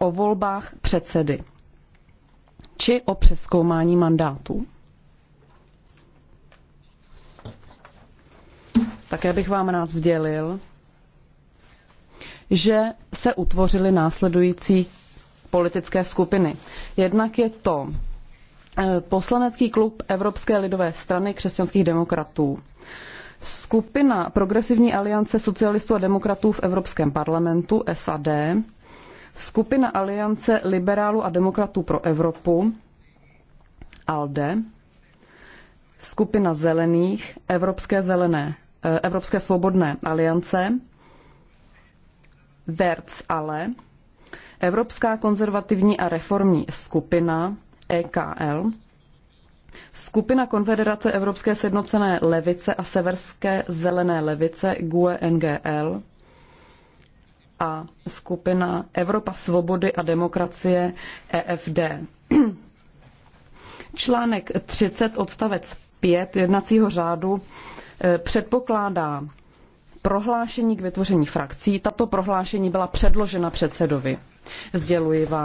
o volbách předsedy či o přeskoumání mandátu. Také bych vám rád sdělil, že se utvořily následující politické skupiny. Jednak je to eh, poslanecký klub Evropské lidové strany křesťanských demokratů. Skupina Progresivní aliance socialistů a demokratů v Evropském parlamentu SAD Skupina Aliance liberálů a demokratů pro Evropu, ALDE, skupina zelených, Evropské zelené, eh, Evropské svobodné aliance, Verc ale, Evropská konzervativní a reformní skupina, EKL, Skupina Konfederace Evropské sjednocené levice a Severské zelené levice GUE NGL, a skupina Evropa svobody a demokracie EFD. Článek 30 odstavec 5 jednacího řádu eh, předpokládá prohlášení k vytvoření frakcí. Tato prohlášení byla předložena předsedovi. Sděluji vám,